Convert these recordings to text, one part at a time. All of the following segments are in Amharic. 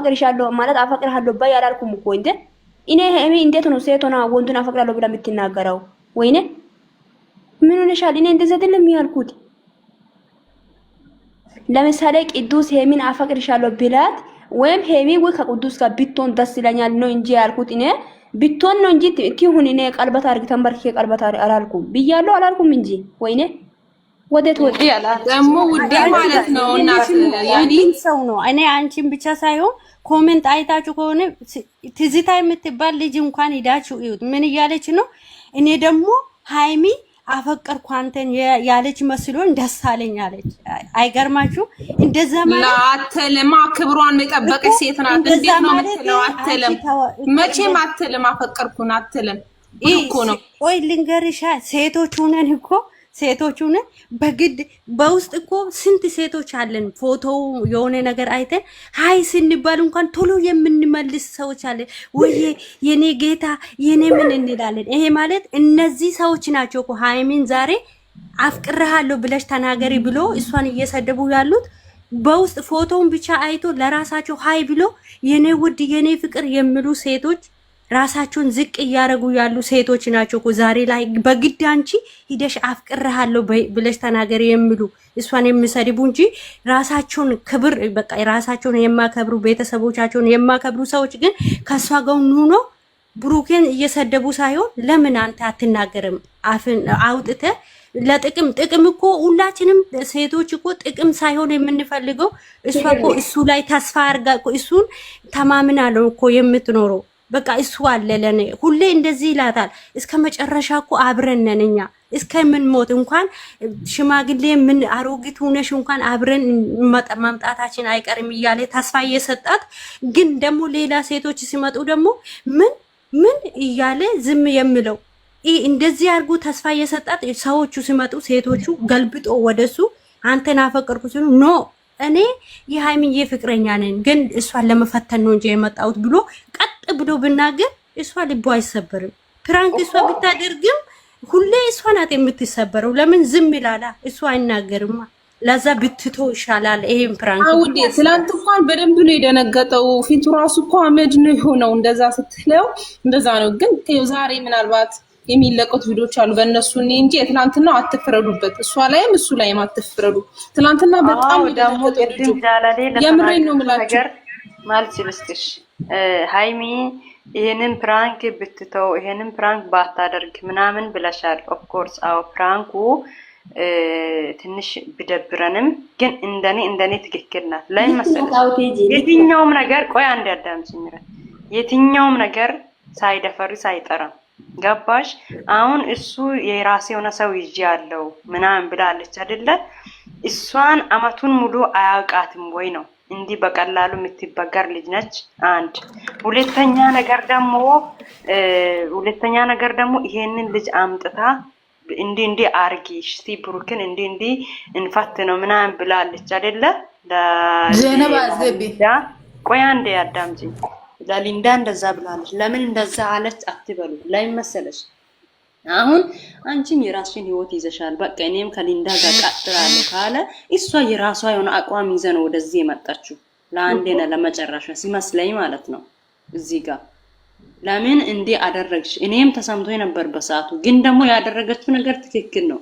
አፈቅርሻለሁ ማለት አፈቅርሃለሁ ባይ አላልኩም እኮ እንዴ። እኔ እኔ እንዴት ነው ሴት ሆና ወንዱን አፈቅራለሁ ብላ የምትናገረው? ወይኔ ምን ሆነሻል? እኔ እንደዚህ አይደለም ያልኩት። ለምሳሌ ቅዱስ ሄሚን አፈቅርሻለሁ ቢላት ወይም ሄሚ ወይ ከቅዱስ ጋር ብትሆን ደስ ይለኛል ነው እንጂ ያልኩት እኔ ብትሆን ነው እንጂ ትሁን እኔ ቀልበት አርግ ተንበርክ ቀልበት አላልኩም ብያለሁ አላልኩም እንጂ ወይኔ ወዴት ወዴ ያላት ደግሞ ውዴ ማለት ነው። እናት ሰው ነው። እኔ አንቺን ብቻ ሳይሆን ኮሜንት አይታችሁ ከሆነ ትዝታ የምትባል ልጅ እንኳን ሂዳችሁ እዩት። ምን እያለች ነው? እኔ ደግሞ ሃይሚ አፈቀርኩ አንተን ያለች መስሎን ደስ አለኝ አለች። አይገርማችሁ? እንደዛ ማለት አትልም። ክብሯን የጠበቀች ሴት ናት። እንዴት ነው የምትለው? አትልም፣ መቼም አትልም። አፈቀርኩን አትልም እኮ ነው። ቆይ ልንገርሻ፣ ሴቶች ሁነን እኮ ሴቶቹን በግድ በውስጥ እኮ ስንት ሴቶች አለን። ፎቶው የሆነ ነገር አይተን ሀይ ስንባል እንኳን ቶሎ የምንመልስ ሰዎች አለን። ወይ የኔ ጌታ የኔ ምን እንላለን። ይሄ ማለት እነዚህ ሰዎች ናቸው እኮ ሀይሚን ዛሬ አፍቅርሃለሁ ብለሽ ተናገሪ ብሎ እሷን እየሰደቡ ያሉት በውስጥ ፎቶውን ብቻ አይቶ ለራሳቸው ሀይ ብሎ የኔ ውድ የኔ ፍቅር የሚሉ ሴቶች ራሳቸውን ዝቅ እያደረጉ ያሉ ሴቶች ናቸው እኮ ዛሬ ላይ በግድ አንቺ ሂደሽ አፍቅርሃለሁ ብለሽ ተናገር የሚሉ እሷን የሚሰድቡ እንጂ ራሳቸውን ክብር በቃ ራሳቸውን የማከብሩ ቤተሰቦቻቸውን የማከብሩ ሰዎች ግን ከእሷ ጋር ኑኖ ብሩኬን እየሰደቡ ሳይሆን ለምን አንተ አትናገርም? አፍን አውጥተ ለጥቅም ጥቅም እኮ ሁላችንም ሴቶች እኮ ጥቅም ሳይሆን የምንፈልገው እሷ እኮ እሱ ላይ ተስፋ አርጋ እሱን ተማምናለሁ እኮ የምትኖረው በቃ እሱ አለ ለኔ ሁሌ እንደዚህ ይላታል። እስከ መጨረሻ እኮ አብረን ነን እኛ እስከምንሞት እንኳን ሽማግሌ ምን አሮጊት ሆነሽ እንኳን አብረን መምጣታችን አይቀርም እያለ ተስፋ እየሰጣት ግን ደግሞ ሌላ ሴቶች ሲመጡ ደግሞ ምን ምን እያለ ዝም የምለው እንደዚህ አድርጎ ተስፋ እየሰጣት ሰዎቹ ሲመጡ ሴቶቹ ገልብጦ ወደሱ አንተን አፈቀርኩ ሲሉ ኖ እኔ የሃይሚዬ ፍቅረኛ ነን ግን እሷን ለመፈተን ነው እንጂ የመጣሁት ብሎ ቀጥ ብሎ ብናገር እሷ ልቦ አይሰበርም። ፕራንክ እሷ ብታደርግም ሁሌ እሷ ናት የምትሰበረው። ለምን ዝም ይላላ? እሷ አይናገርማ። ለዛ ብትቶ ይሻላል። ይሄን ፕራንክ አውዴ ትላንት እንኳን በደንብ ነው የደነገጠው። ፊቱ ራሱ እኮ አመድ ነው የሆነው። እንደዛ ስትለው እንደዛ ነው። ግን ዛሬ ምናልባት የሚለቀቱ ቪዲዮዎች አሉ። በእነሱ እኔ እንጂ የትላንትናው አትፍረዱበት። እሷ ላይም እሱ ላይም አትፍረዱ። ትላንትና በጣም ነው የምሬን ነው የምላቸው ማለት ሲልስጥሽ ሃይሚ ይህንን ፕራንክ ብትተው ይህንን ፕራንክ ባታደርግ ምናምን ብለሻል። ኦፍኮርስ አዎ ፕራንኩ ትንሽ ብደብረንም ግን እንደኔ እንደኔ ትክክል ናት። ለምን መሰለሽ የትኛውም ነገር ቆይ አንድ ያዳም ሲምረት የትኛውም ነገር ሳይደፈርስ አይጠራም። ገባሽ? አሁን እሱ የራሴ የሆነ ሰው ይዤ ያለው ምናምን ብላለች አይደለ? እሷን አመቱን ሙሉ አያውቃትም ወይ ነው እንዲህ በቀላሉ የምትበገር ልጅ ነች። አንድ ሁለተኛ ነገር ደግሞ ሁለተኛ ነገር ደግሞ ይሄንን ልጅ አምጥታ እንዲህ እንዲህ አርጊ እስቲ ብሩክን እንዲህ እንዲህ እንፈት ነው ምናምን ብላለች አይደለ? ለዘነባ ዘቢ ቆይ አንዴ አዳምጪኝ። ለሊንዳ እንደዛ ብላለች። ለምን እንደዛ አለች አትበሉ። ለምን መሰለች አሁን አንቺም የራስሽን ህይወት ይዘሻል። በቃ እኔም ከሊንዳ ጋር ቀጥላለሁ ካለ እሷ የራሷ የሆነ አቋም ይዘ ነው ወደዚህ የመጣችው። ለአንዴና ለመጨረሻ ሲመስለኝ ማለት ነው። እዚህ ጋር ለምን እንዴ አደረግሽ? እኔም ተሰምቶ ነበር በሰዓቱ። ግን ደግሞ ያደረገችው ነገር ትክክል ነው።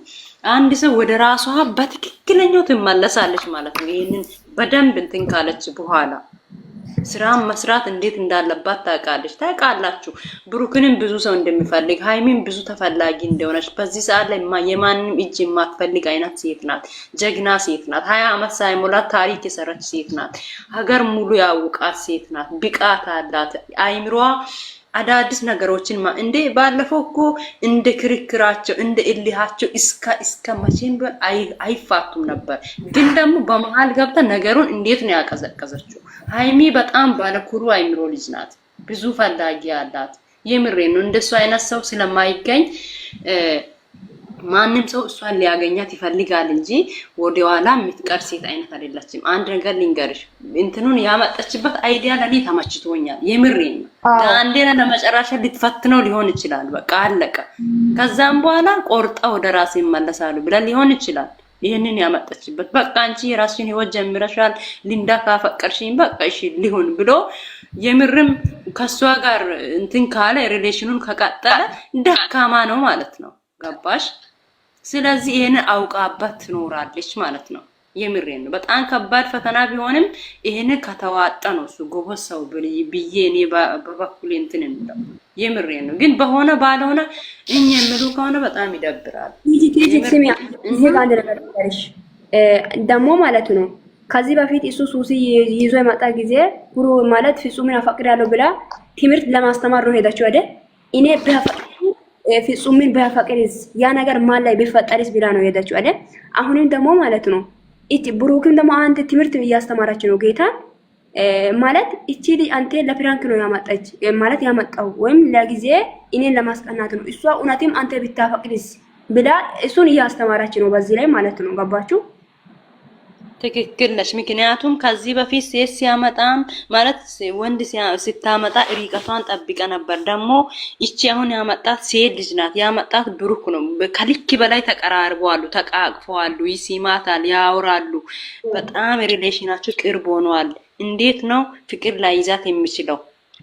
አንድ ሰው ወደ ራሷ በትክክለኛው ትመለሳለች ማለት ነው። ይሄንን በደንብ እንትን ካለች በኋላ ስራም መስራት እንዴት እንዳለባት ታውቃለች። ታውቃላችሁ ብሩክንም ብዙ ሰው እንደሚፈልግ ሀይሚን ብዙ ተፈላጊ እንደሆነች በዚህ ሰዓት ላይ የማንም እጅ የማትፈልግ አይነት ሴት ናት። ጀግና ሴት ናት። ሀያ አመት ሳይሞላት ታሪክ የሰራች ሴት ናት። ሀገር ሙሉ ያውቃት ሴት ናት። ብቃት አላት። አይምሯ አዳዲስ ነገሮችን እንደ ባለፈው እኮ እንደ ክርክራቸው እንደ እልሃቸው እስከ እስከ መቼም ቢሆን አይፋቱም ነበር። ግን ደግሞ በመሀል ገብታ ነገሩን እንዴት ነው ያቀዘቀዘችው? ሀይሚ በጣም ባለኩሩ አይምሮ ልጅ ናት። ብዙ ፈላጊ አላት። የምሬ ነው። እንደሱ አይነት ሰው ስለማይገኝ ማንም ሰው እሷን ሊያገኛት ይፈልጋል እንጂ ወደኋላ የምትቀር ሴት አይነት አይደለችም። አንድ ነገር ልንገርሽ፣ እንትኑን ያመጣችበት አይዲያ ለኔ ተመችቶኛል። የምሬ ነው። አንዴና ለመጨረሻ ልትፈትነው ሊሆን ይችላል። በቃ አለቀ። ከዛም በኋላ ቆርጣ ወደ ራሴ ይመለሳሉ ብለን ሊሆን ይችላል ይህንን ያመጣችበት በቃ አንቺ የራስሽን ህይወት ጀምረሻል፣ ሊንዳ ካፈቀርሽኝ በቃ እሺ ሊሆን ብሎ የምርም ከሷ ጋር እንትን ካለ ሪሌሽኑን ከቀጠለ ደካማ ነው ማለት ነው። ገባሽ? ስለዚህ ይህንን አውቃባት ትኖራለች ማለት ነው። የምሬን ነው። በጣም ከባድ ፈተና ቢሆንም ይህን ከተዋጣ ነው እሱ ጎበዝ ሰው ብዬ እኔ በበኩሌ እንትን የምለው የምሬን ነው። ግን በሆነ ባለሆነ እኝ የሚሉ ከሆነ በጣም ይደብራል። ደግሞ ማለት ነው ከዚህ በፊት እሱ ሱሲ ይዞ የመጣ ጊዜ ጉሩ ማለት ፍጹምን ያለው ብላ ትምህርት ለማስተማር ነው ሄዳችሁ አይደል? እኔ ፍጹምን ባፈቅርስ ያ ነገር ማን ላይ ቢፈጠርስ ብላ ነው ሄዳችሁ አይደል? አሁንም ደግሞ ማለት ነው ብሩክም ደግሞ አንተ ትምህርት እያስተማራች ነው ጌታ ማለት እቺ ልጅ አንተ ለፕራንክ ነው ያመጣች ማለት ያመጣው ወይም ለጊዜ እኔን ለማስቀናት ነው። እሷ እውነትም አንተ ብታፈቅድስ ብላ እሱን እያስተማራች ነው በዚህ ላይ ማለት ነው። ገባችሁ? ትክክል ነች። ምክንያቱም ከዚህ በፊት ሴት ሲያመጣ ማለት ወንድ ስታመጣ ሪቀቷን ጠብቀ ነበር። ደግሞ ይቺ አሁን ያመጣት ሴት ልጅ ናት። ያመጣት ብሩክ ነው። ከልክ በላይ ተቀራርበዋሉ፣ ተቃቅፈዋሉ፣ ይስማታል፣ ያወራሉ። በጣም ሪሌሽናቸው ቅርብ ሆነዋል። እንዴት ነው ፍቅር ላይ ይዛት የሚችለው?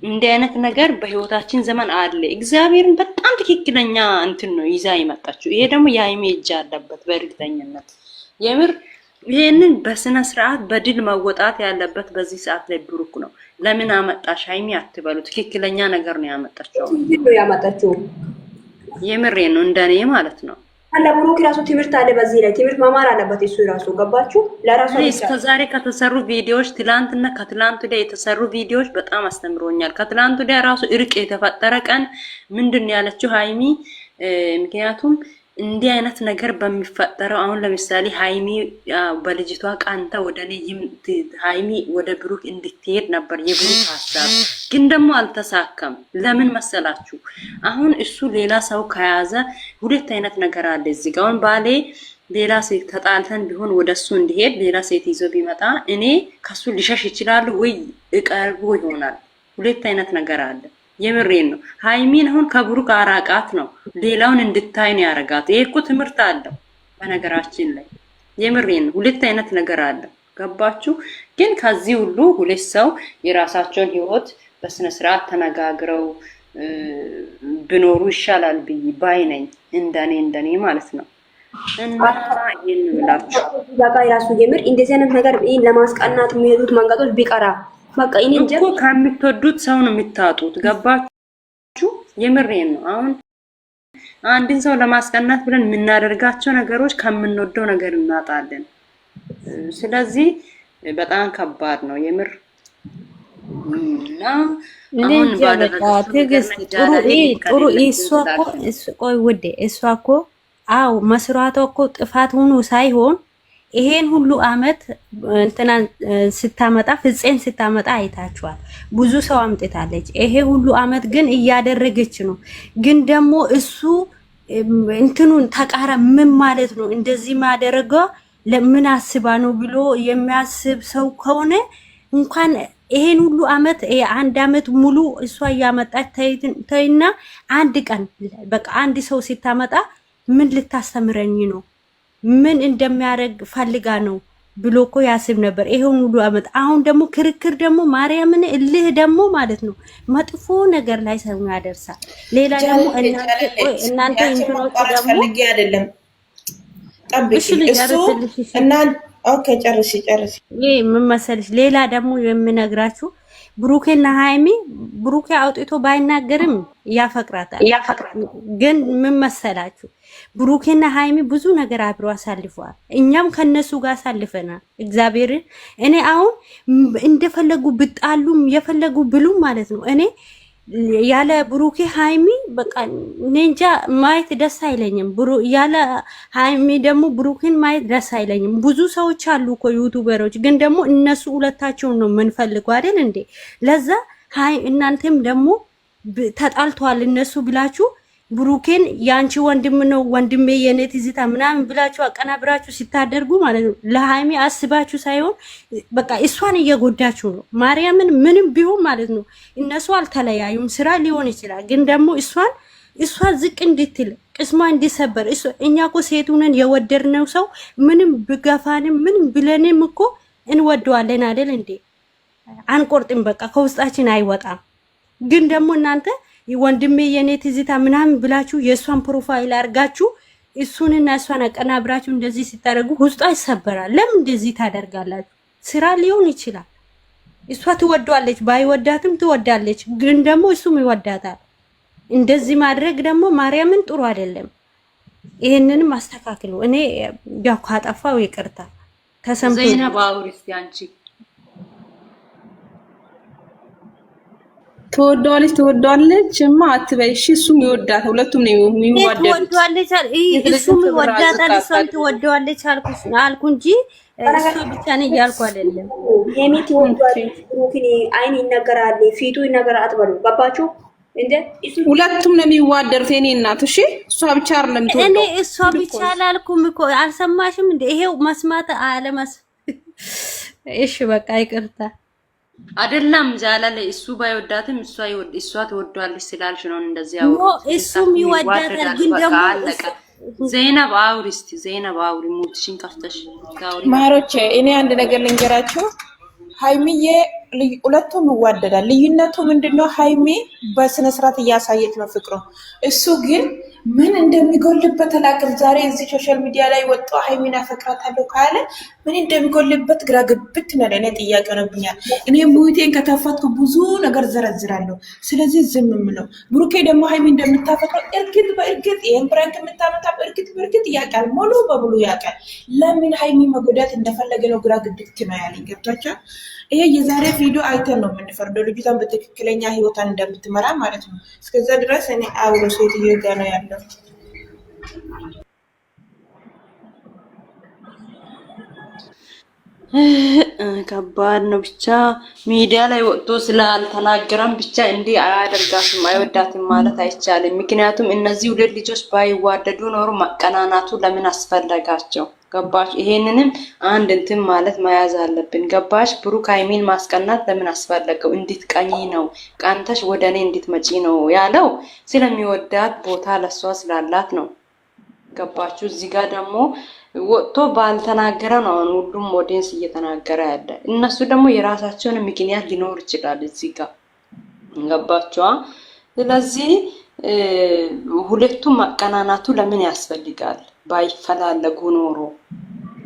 እንዲህ አይነት ነገር በህይወታችን ዘመን አለ። እግዚአብሔርን በጣም ትክክለኛ እንትን ነው ይዛ ይመጣችሁ። ይሄ ደግሞ የአይሜ እጅ አለበት በእርግጠኝነት የምር ይህንን በስነ ስርዓት በድል መወጣት ያለበት በዚህ ሰዓት ላይ ብሩክ ነው። ለምን አመጣሽ ሀይሚ አትበሉ። ትክክለኛ ነገር ነው ያመጣቸው ያመጣቸው የምሬ ነው እንደኔ ማለት ነው። አለ ብሩክ ራሱ ትምህርት አለ። በዚህ ላይ ትምህርት መማር አለበት እሱ ራሱ ገባችሁ። ለራሱ እስከዛሬ ከተሰሩ ቪዲዮዎች ትላንትና ከትላንቱ ላይ የተሰሩ ቪዲዮዎች በጣም አስተምሮኛል። ከትላንቱ ላይ ራሱ እርቅ የተፈጠረ ቀን ምንድን ያለችው ሀይሚ ምክንያቱም እንዲህ አይነት ነገር በሚፈጠረው አሁን ለምሳሌ ሀይሚ በልጅቷ ቃንተ ወደ እኔ ሀይሚ ወደ ብሩክ እንድትሄድ ነበር የብሩክ ሀሳብ፣ ግን ደግሞ አልተሳካም። ለምን መሰላችሁ? አሁን እሱ ሌላ ሰው ከያዘ ሁለት አይነት ነገር አለ እዚህ ጋ አሁን ባሌ ሌላ ሴት ተጣልተን ቢሆን ወደ እሱ እንዲሄድ ሌላ ሴት ይዞ ቢመጣ እኔ ከሱ ሊሸሽ ይችላሉ ወይ እቀርቦ ይሆናል። ሁለት አይነት ነገር አለ። የምሬን ነው። ሀይሚን አሁን ከብሩክ አራቃት ነው፣ ሌላውን እንድታይ ነው ያረጋት። ይሄ እኮ ትምህርት አለው በነገራችን ላይ የምሬን ነው። ሁለት አይነት ነገር አለው ገባችሁ? ግን ከዚህ ሁሉ ሁለት ሰው የራሳቸውን ህይወት በስነ ስርዓት ተነጋግረው ብኖሩ ይሻላል ብዬ ባይ ነኝ። እንደኔ እንደኔ ማለት ነው። እና ይሄን ብላችሁ የራሱ ጀምር እንደዚህ አይነት ነገር ለማስቀናት የሚሄዱት መንገዶች ቢቀራ በቃ እኔ እንጃ እኮ ከምትወዱት ሰው ነው የምታጡት። ገባችሁ? የምሬን ነው። አሁን አንድን ሰው ለማስቀናት ብለን የምናደርጋቸው ነገሮች ከምንወደው ነገር እናጣለን። ስለዚህ በጣም ከባድ ነው የምር እሷ እኮ አዎ መስራቷ እኮ ጥፋት ሆኖ ሳይሆን ይሄን ሁሉ አመት እንትና ስታመጣ ፍፄን ስታመጣ አይታችኋል። ብዙ ሰው አምጥታለች። ይሄ ሁሉ አመት ግን እያደረገች ነው። ግን ደግሞ እሱ እንትኑን ተቃራ ምን ማለት ነው እንደዚህ ማደረገው ለምን አስባ ነው ብሎ የሚያስብ ሰው ከሆነ እንኳን ይሄን ሁሉ አመት አንድ አመት ሙሉ እሷ እያመጣች ተይና አንድ ቀን በቃ አንድ ሰው ስታመጣ ምን ልታስተምረኝ ነው ምን እንደሚያደርግ ፈልጋ ነው ብሎ እኮ ያስብ ነበር። ይሄን ሁሉ አመት አሁን ደግሞ ክርክር ደግሞ ማርያምን እልህ ደግሞ ማለት ነው መጥፎ ነገር ላይ ሰው ያደርሳል። ሌላ ደግሞ እናንተ እንትኖች ደግሞ አይደለም እሱ እና ምን መሰልሽ ሌላ ደግሞ የምነግራችሁ ብሩኬና ሃይሚ ብሩኬ አውጥቶ ባይናገርም ያፈቅራታል። ግን ምን መሰላችሁ ብሩኬና ሀይሚ ብዙ ነገር አብሮ አሳልፈዋል። እኛም ከነሱ ጋር አሳልፈናል። እግዚአብሔርን እኔ አሁን እንደፈለጉ ብጣሉም የፈለጉ ብሉም ማለት ነው እኔ ያለ ብሩኬ ሃይሚ በቃ ኔንጃ ማየት ደስ አይለኝም። ያለ ሃይሚ ደግሞ ብሩኬን ማየት ደስ አይለኝም። ብዙ ሰዎች አሉ እኮ ዩቱበሮች፣ ግን ደግሞ እነሱ ሁለታቸውን ነው የምንፈልገው አይደል እንዴ? ለዛ ሃይ እናንተም ደግሞ ተጣልተዋል እነሱ ብላችሁ ብሩኬን ያንቺ ወንድም ነው ወንድሜ የኔ ትዝታ ምናምን ብላችሁ አቀናብራችሁ ሲታደርጉ ማለት ነው። ለሃይሚ አስባችሁ ሳይሆን በቃ እሷን እየጎዳችሁ ነው። ማርያምን ምንም ቢሆን ማለት ነው። እነሱ አልተለያዩም። ስራ ሊሆን ይችላል፣ ግን ደግሞ እሷን እሷ ዝቅ እንድትል ቅስሟ እንዲሰበር እኛ እኮ ሴቱንን የወደድነው ሰው ምንም ብገፋንም ምንም ብለንም እኮ እንወደዋለን አይደል እንዴ? አንቆርጥም። በቃ ከውስጣችን አይወጣም። ግን ደግሞ እናንተ ወንድሜ የኔ ትዝታ ምናምን ብላችሁ የእሷን ፕሮፋይል አድርጋችሁ እሱንና እሷን አቀናብራችሁ እንደዚህ ሲታደርጉ ውስጧ ይሰበራል። ለምን እንደዚህ ታደርጋላችሁ? ስራ ሊሆን ይችላል። እሷ ትወዷለች፣ ባይወዳትም ትወዳለች። ግን ደግሞ እሱም ይወዳታል። እንደዚህ ማድረግ ደግሞ ማርያምን ጥሩ አይደለም። ይህንንም አስተካክሉ። እኔ ያው ካጠፋው ይቅርታ ተሰምቶ ትወደዋለች ትወደዋለች እማ አትበይ። እሺ እሱም ይወዳታል፣ ሁለቱም ነው የሚዋደዱት። እሱም ይወዳታል እሷም ትወደዋለች አልኩ እንጂ እሱ ብቻ ነው እያልኩ አይደለም። ሄሚት ትወደዋለች ብሩክን አይን ይነገራል ፊቱ ይነገራል። አትበሉ። ገባችሁ? ሁለቱም ነው የሚዋደሩት። የኔ እናት እሺ፣ እሷ ብቻ አይደለም ትወደው። እኔ እሷ ብቻ አላልኩም እኮ አልሰማሽም እንዴ? ይሄው መስማት አለመስ እሺ፣ በቃ ይቅርታ አይደለም ዛላ ላይ እሱ ባይወዳትም እሷ ይወድ እሷ ትወዷለች ስላልሽ ነው እንደዚህ ያው እሱም ይወዳታል። ግን ደግሞ ዘይነብ አውሪ እስቲ ዘይነብ አውሪ ሙትሽን ከፍተሽ ማሮቼ፣ እኔ አንድ ነገር ልንገራችሁ ሃይሚዬ ሁለቱም ይዋደዳል። ልዩነቱ ምንድነው? ሀይሜ በስነ ስርዓት እያሳየች ነው ፍቅሩ። እሱ ግን ምን እንደሚጎልበት አላቅም። ዛሬ እዚህ ሶሻል ሚዲያ ላይ ወጣ ሀይሜን አፈቅራታለሁ ካለ ምን እንደሚጎልበት ግራ ግብት ነው። ለእኔ ጥያቄ ሆነብኛል። እኔ ሙቴን ከተፋትኩ ብዙ ነገር ዘረዝራለሁ። ስለዚህ ዝም ምለው። ብሩኬ ደግሞ ሀይሜ እንደምታፈቅረው እርግጥ በእርግጥ ይህን ፕራንክ የምታመጣ እርግጥ በእርግጥ ያውቃል፣ ሙሉ በሙሉ ያውቃል። ለምን ሀይሜ መጎዳት እንደፈለገ ነው ግራ ግብት ነው ያለኝ። ገብቷቸዋል ይሄ የዛሬ ቪዲዮ አይተን ነው የምንፈርደው ልጅቷን በትክክለኛ ህይወቷን እንደምትመራ ማለት ነው። እስከዛ ድረስ እኔ አብሮ ሴትዮ ጋ ነው ያለው። ከባድ ነው። ብቻ ሚዲያ ላይ ወጥቶ ስላልተናገረም ብቻ እንዲህ አያደርጋትም አይወዳትም ማለት አይቻልም። ምክንያቱም እነዚህ ሁለት ልጆች ባይዋደዱ ኖሩ መቀናናቱ ለምን አስፈለጋቸው? ገባሽ? ይሄንንም አንድ እንትን ማለት መያዝ አለብን። ገባሽ? ብሩክ ሀይሚን ማስቀናት ለምን አስፈለገው? እንድትቀኝ ነው፣ ቀንተሽ ወደ እኔ እንድትመጪ ነው ያለው። ስለሚወዳት ቦታ ለሷ ስላላት ነው። ገባችሁ? እዚህ ጋር ደግሞ ወጥቶ ባልተናገረ ነው አሁን ሁሉም ኦዲየንስ እየተናገረ ያለ። እነሱ ደግሞ የራሳቸውን ምክንያት ሊኖር ይችላል እዚህ ጋር ገባችኋ? ስለዚህ ሁለቱም መቀናናቱ ለምን ያስፈልጋል? ባይፈላለጉ ኖሮ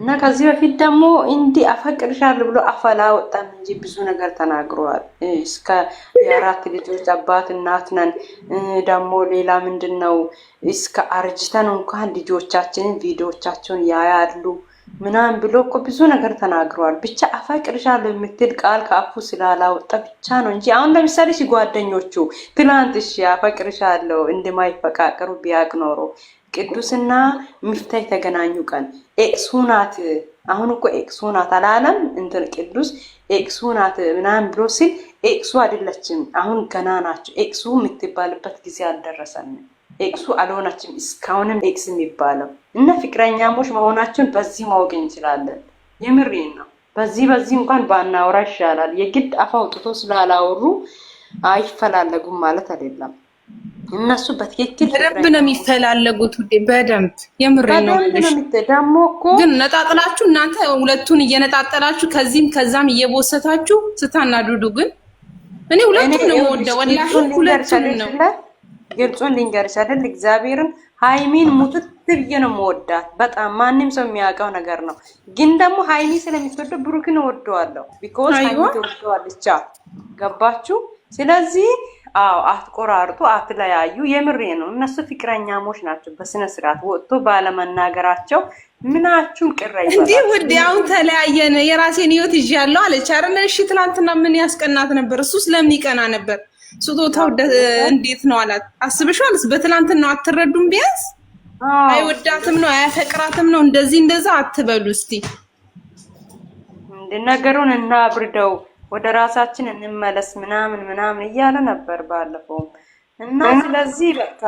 እና ከዚህ በፊት ደግሞ እንዲህ አፈቅርሻል ብሎ አፈላ ወጣም እንጂ ብዙ ነገር ተናግረዋል። እስከ የአራት ልጆች አባት እናት ነን። ደግሞ ሌላ ምንድን ነው እስከ አርጅተን እንኳን ልጆቻችንን ቪዲዮቻቸውን ያያሉ ምናምን ብሎ እኮ ብዙ ነገር ተናግረዋል። ብቻ አፈቅርሻለሁ የምትል ቃል ከአፉ ስላላወጣ ብቻ ነው እንጂ አሁን ለምሳሌ ሲጓደኞቹ ትላንት እሺ አፈቅርሻለሁ እንደማይፈቃቀሩ ቢያቅ ኖሮ ቅዱስና ሚፍታ የተገናኙ ቀን ኤክሱናት። አሁን እኮ ኤክሱናት አላለም እንትን ቅዱስ ኤክሱናት ምናምን ብሎ ሲል ኤክሱ አይደለችም። አሁን ገና ናቸው። ኤክሱ የምትባልበት ጊዜ አልደረሰም ኤክሱ አልሆነችም። እስካሁንም ኤክስ የሚባለው እና ፍቅረኛሞች መሆናቸውን በዚህ ማወቅ እንችላለን። የምሬን ነው። በዚህ በዚህ እንኳን ባናወራ ይሻላል። የግድ አፋ አውጥቶ ስላላወሩ አይፈላለጉም ማለት አይደለም። እነሱ በትክክል በደንብ ነው የሚፈላለጉት። በደንብ የምሬ ነው። ደግሞ እኮ ግን ነጣጥላችሁ እናንተ ሁለቱን እየነጣጠላችሁ ከዚህም ከዛም እየቦሰታችሁ ስታናዱዱ ግን እኔ ሁለቱን ነው የምወደው። ወላሂ ሁለቱን ነው ግልጹን ልንገርሽ አይደል? እግዚአብሔርን ሃይሚን ሙትት ብዬ ነው የምወዳት። በጣም ማንም ሰው የሚያውቀው ነገር ነው። ግን ደግሞ ሃይሚ ስለምትወደው ብሩክን እወደዋለሁ። ቢኮዝ ሃይሚ ትወደዋለች። ገባችሁ? ስለዚህ አዎ አትቆራርጡ፣ አትለያዩ። የምሬ ነው። እነሱ ፍቅረኛሞች ናቸው። በስነ ስርዓት ወጥቶ ባለመናገራቸው ምናችሁም ቅረ እንዲህ ውዴ አሁን ተለያየን የራሴን ህይወት ይዤ ያለው አለች አይደል? እሺ ትላንትና ምን ያስቀናት ነበር? እሱስ ለምን ይቀና ነበር? ስጦታው እንዴት ነው አላት። አስብሽዋልስ? በትላንትና አትረዱም? ቢያንስ አይወዳትም ነው አያፈቅራትም ነው እንደዚህ እንደዛ አትበሉ። እስቲ ነገሩን እናብርደው። ወደ ራሳችን እንመለስ ምናምን ምናምን እያለ ነበር ባለፈው እና ስለዚህ በቃ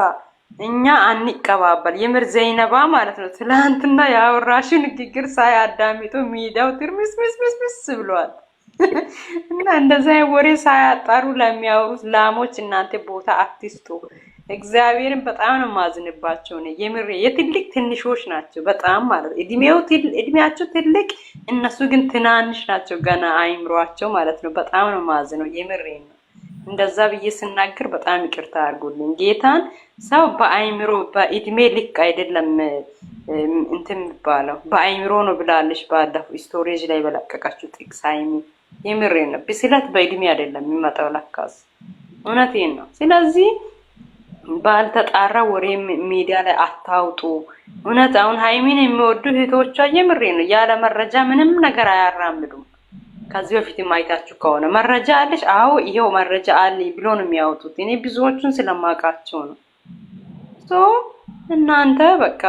እኛ አንቀባበል የምር ዘይነባ ማለት ነው። ትላንትና ያወራሽው ንግግር ሳያዳምጡ ሚዳው ትርምስምስምስምስ ብሏል። እና እንደዛ ወሬ ሳያጣሩ ለሚያወሩት ላሞች እናንተ ቦታ አትስጡ። እግዚአብሔርን በጣም ነው የማዝንባቸው። ነው የምሬ የትልቅ ትንሾች ናቸው በጣም ማለት እድሜው እድሜያቸው ትልቅ እነሱ ግን ትናንሽ ናቸው ገና አይምሯቸው ማለት ነው። በጣም ነው የማዝነው የምሬ ነው። እንደዛ ብዬ ስናገር በጣም ይቅርታ አድርጉልኝ ጌታን። ሰው በአይምሮ በእድሜ ልክ አይደለም እንትን የሚባለው በአይምሮ ነው ብላለች ባለፈው ስቶሬጅ ላይ በለቀቀችው ጥቅስ አይሚ። የምሬ ነው ብስለት በእድሜ አይደለም የሚመጣው ለካስ እውነቴን ነው። ስለዚህ ባልተጣራ ወሬ ሚዲያ ላይ አታውጡ። እውነት አሁን ሀይሚን የሚወዱ እህቶቿ የምሬ ነው፣ ያለ መረጃ ምንም ነገር አያራምዱም። ከዚህ በፊት ማይታችሁ ከሆነ መረጃ አለሽ? አዎ ይሄው መረጃ አለ ብሎ ነው የሚያወጡት። እኔ ብዙዎቹን ስለማውቃቸው ነው። ሶ እናንተ በቃ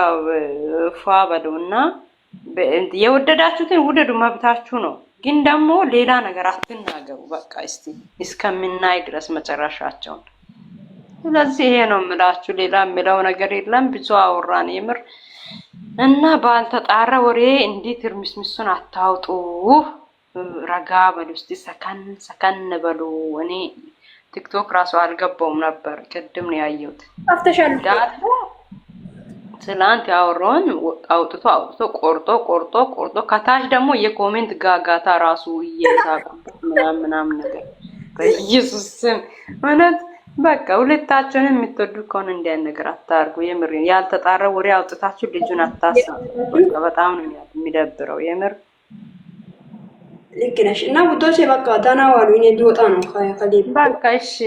ፏ በሉና የወደዳችሁትን ውደዱ፣ መብታችሁ ነው። ግን ደግሞ ሌላ ነገር አትናገሩ። በቃ እስቲ እስከምናይ ድረስ መጨረሻቸውን ስለዚህ ይሄ ነው የምላችሁ። ሌላ የምለው ነገር የለም። ብዙ አወራን የምር እና ባልተጣራ ወሬ እንዲህ ትርምስምሱን አታውጡ። ረጋ በሉ እስቲ፣ ሰከን ሰከን በሉ። እኔ ቲክቶክ ራሱ አልገባውም ነበር፣ ቅድም ነው ያየሁት። አፍተሻል ትላንት ያወራውን አውጥቶ አውጥቶ ቆርጦ ቆርጦ ቆርጦ ከታች ደግሞ የኮሜንት ጋጋታ ራሱ እየሳቁበት ምናምን ምናምን ነገር በኢየሱስ ስም እውነት በቃ ሁለታችሁንም የምትወዱ ከሆነ እንዲህ ዓይነት ነገር አታርጉ። የምር ያልተጣረ ወሬ አውጥታችሁ ልጁን አታሳበቁ። በጣም ነው የሚደብረው የምር። ልክ ነሽ። እና ውዶቼ በቃ ደህና ዋሉ። እኔ ሊወጣ ነው። በቃ እሺ።